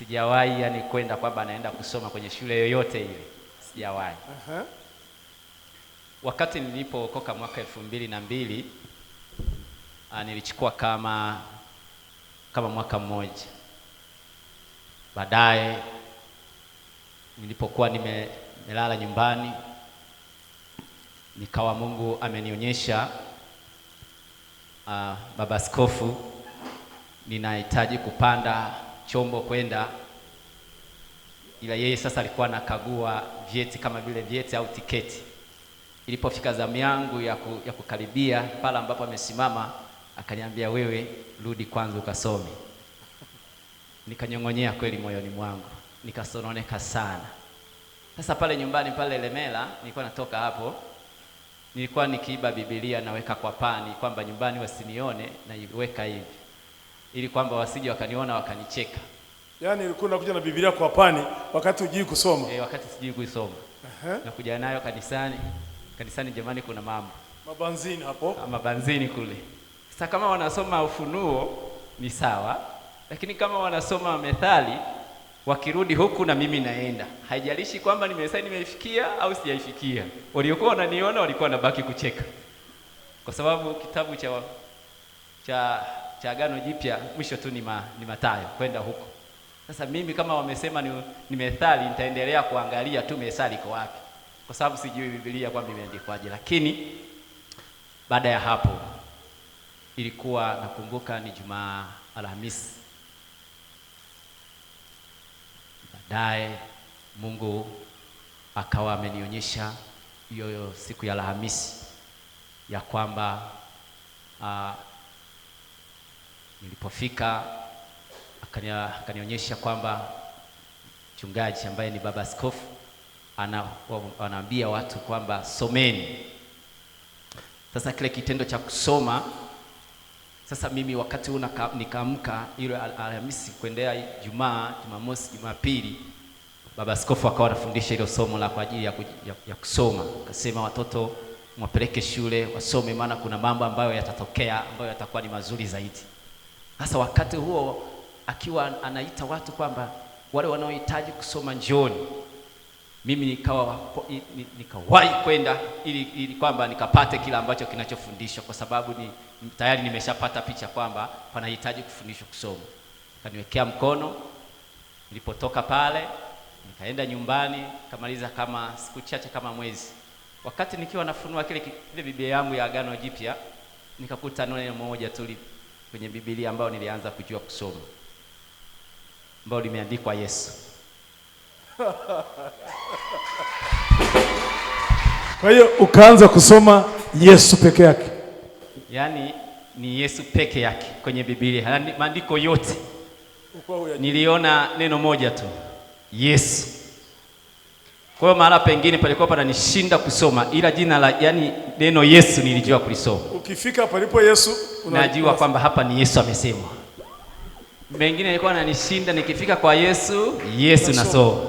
sijawahi yani kwenda kwamba naenda kusoma kwenye shule yoyote ile, sijawahi uh -huh. Wakati nilipookoka mwaka elfu mbili na mbili ah, nilichukua kama kama mwaka mmoja baadaye, nilipokuwa nimelala nyumbani, nikawa Mungu amenionyesha uh, baba askofu, ninahitaji kupanda chombo kwenda, ila yeye sasa alikuwa anakagua vyeti kama vile vyeti au tiketi. Ilipofika zamu yangu ya, ku, ya kukaribia pale ambapo amesimama, akaniambia wewe, rudi kwanza ukasome. Nikanyong'onyea kweli moyoni mwangu, nikasononeka sana. Sasa pale nyumbani pale Lemela, nilikuwa natoka hapo, nilikuwa nikiiba Biblia naweka kwa pani, kwamba nyumbani wasinione, naiweka hivi ili kwamba wasije wakaniona wakanicheka. Yaani ilikuwa nakuja na Biblia kwa pani wakati hujui kusoma. Eh, wakati sijui kuisoma. Uh -huh. Nakuja nayo kanisani. Kanisani jamani, kuna mambo. Mabanzini hapo. Ha, ah, mabanzini kule. Sasa kama wanasoma Ufunuo ni sawa, lakini kama wanasoma Methali wakirudi huku na mimi naenda, haijalishi kwamba nimesaini nimeifikia au sijaifikia. Waliokuwa wananiona walikuwa wanabaki kucheka, kwa sababu kitabu cha cha cha Agano Jipya mwisho tu ni, ma, ni Mathayo kwenda huko. Sasa mimi kama wamesema ni, ni methali, nitaendelea kuangalia tu methali iko wapi, kwa sababu sijui Biblia kwamba imeandikwaje. Lakini baada ya hapo ilikuwa nakumbuka ni Jumaa Alhamisi, baadaye Mungu akawa amenionyesha hiyo siku ya Alhamisi ya kwamba uh, Nilipofika akanionyesha kwamba mchungaji ambaye ni baba askofu anawaambia watu kwamba someni. Sasa kile kitendo cha kusoma, sasa mimi wakati huu nikaamka ile Alhamisi kuendea Jumaa, Jumamosi, Jumapili, baba askofu akawa anafundisha ile somo la kwa ajili ya, ya, ya kusoma. Akasema watoto mwapeleke shule wasome, maana kuna mambo ambayo yatatokea ambayo yatakuwa ni mazuri zaidi asa wakati huo akiwa anaita watu kwamba wale wanaohitaji kusoma njioni mimi nikawa nikawahi kwenda ili, ili kwamba nikapate kila ambacho kinachofundishwa, kwa sababu ni tayari nimeshapata picha kwamba panahitaji kufundishwa kusoma. Kaniwekea mkono, nilipotoka pale nikaenda nyumbani, kamaliza kama siku chache kama mwezi, wakati nikiwa nafunua kile kile Biblia yangu ya Agano Jipya nikakuta neno moja tu kwenye Biblia ambayo nilianza kujua kusoma ambayo limeandikwa Yesu. Kwa hiyo ukaanza kusoma Yesu peke yake, yaani ni Yesu peke yake kwenye Biblia, yaani, maandiko yote niliona neno moja tu Yesu. Kwa hiyo mahala pengine palikuwa pananishinda kusoma, ila jina la yani neno Yesu nilijua kulisoma. Ukifika palipo Yesu unajua kwamba hapa ni Yesu amesema. Mengine yalikuwa yananishinda, nikifika kwa Yesu, Yesu nasoma.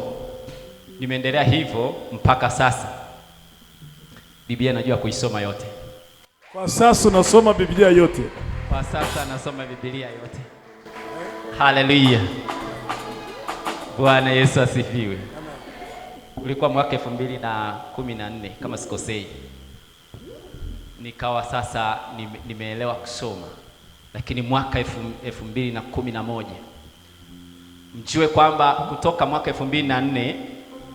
Nimeendelea hivyo mpaka sasa. Biblia najua kuisoma yote. Kwa sasa nasoma Biblia yote. Kwa sasa nasoma Biblia yote. Haleluya. Bwana Yesu asifiwe ulikuwa mwaka elfu mbili na kumi na nne kama sikosei. Nikawa sasa nimeelewa kusoma, lakini mwaka elfu mbili na kumi na moja mjue kwamba kutoka mwaka elfu mbili na nne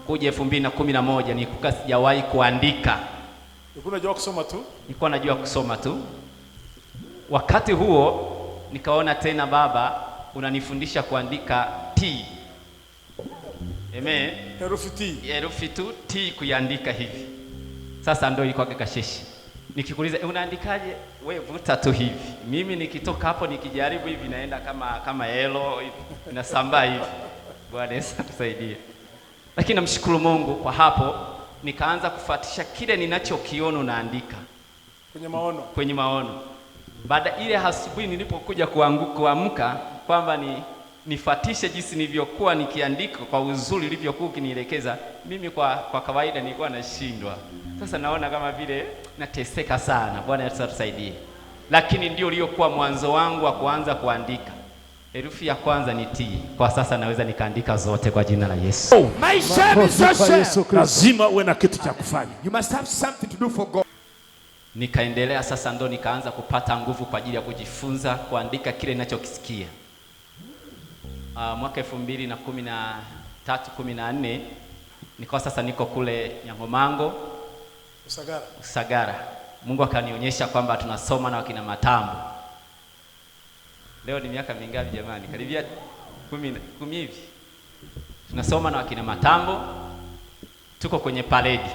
kuja elfu mbili na kumi na moja nilikuwa sijawahi kuandika, nilikuwa najua kusoma tu, nilikuwa najua kusoma tu. Wakati huo nikaona tena, baba unanifundisha kuandika T Amen. Herufi T. Herufi tu T kuiandika hivi. Sasa ndio iko kasheshe. Nikikuuliza unaandikaje? We vuta tu hivi. Mimi nikitoka hapo nikijaribu hivi naenda kama kama yellow inasambaa hivi. Bwana Yesu atusaidie. Lakini namshukuru Mungu kwa hapo nikaanza kufuatisha kile ninachokiona naandika. Kwenye maono. Kwenye maono. Baada ile asubuhi nilipokuja kuamka kwamba ni nifatishe jinsi nilivyokuwa nikiandika kwa uzuri ulivyokuwa ukinielekeza mimi. Kwa, kwa kawaida nilikuwa nashindwa, sasa naona kama vile nateseka sana. Bwana atusaidie, lakini ndio uliokuwa mwanzo wangu wa kuanza kuandika. Herufi ya kwanza ni T. Kwa sasa naweza nikaandika zote kwa jina la Yesu. Oh, lazima uwe na kitu cha kufanya. You must have something to do for God. Nikaendelea sasa, ndo nikaanza kupata nguvu kwa ajili ya kujifunza kuandika kile ninachokisikia uh, mwaka elfu mbili na kumi na tatu kumi na nne nikawa sasa niko kule Nyangomango Usagara, Usagara. Mungu akanionyesha kwamba tunasoma na wakina Matambo. Leo ni miaka mingapi jamani? Karibia kumi kumi hivi tunasoma na wakina Matambo, tuko kwenye paredi.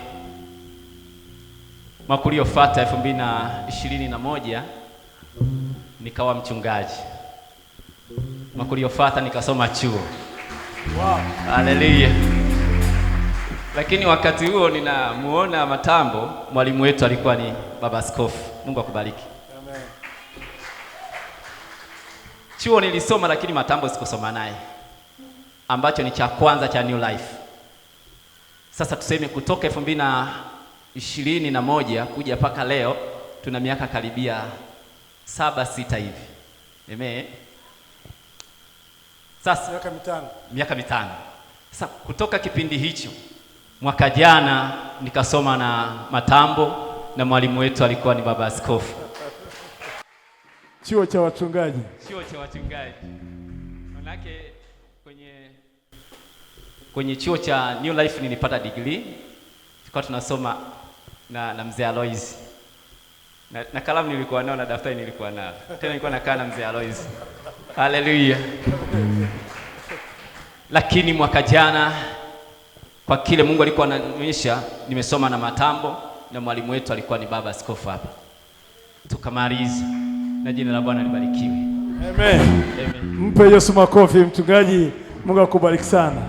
Mwaka uliofuata elfu mbili na ishirini na moja nikawa mchungaji makuliofuata nikasoma chuo. Wow. Haleluya. Lakini wakati huo ninamuona Matambo, mwalimu wetu alikuwa ni baba askofu. Mungu akubariki. Amen. Chuo nilisoma lakini Matambo sikusoma naye, ambacho ni cha kwanza cha New Life. Sasa tuseme kutoka elfu mbili na ishirini na moja kuja mpaka leo tuna miaka karibia saba sita hivi. Amen. Sasa miaka mitano, miaka mitano. Sasa kutoka kipindi hicho mwaka jana nikasoma na matambo na mwalimu wetu alikuwa ni baba askofu chuo cha wachungaji, chuo cha wachungaji manake kwenye, kwenye chuo cha New Life nilipata degree, tulikuwa tunasoma na, na mzee Alois na, na kalamu nilikuwa nao na daftari nilikuwa nao tena, nilikuwa nakaa na mzee Alois. Haleluya. Lakini mwaka jana kwa kile Mungu alikuwa ananionyesha, nimesoma na matambo na mwalimu wetu alikuwa ni baba askofu hapa, tukamaliza na jina la Bwana libarikiwe. Amen. Amen. Mpe Yesu makofi mchungaji. Mungu akubariki sana.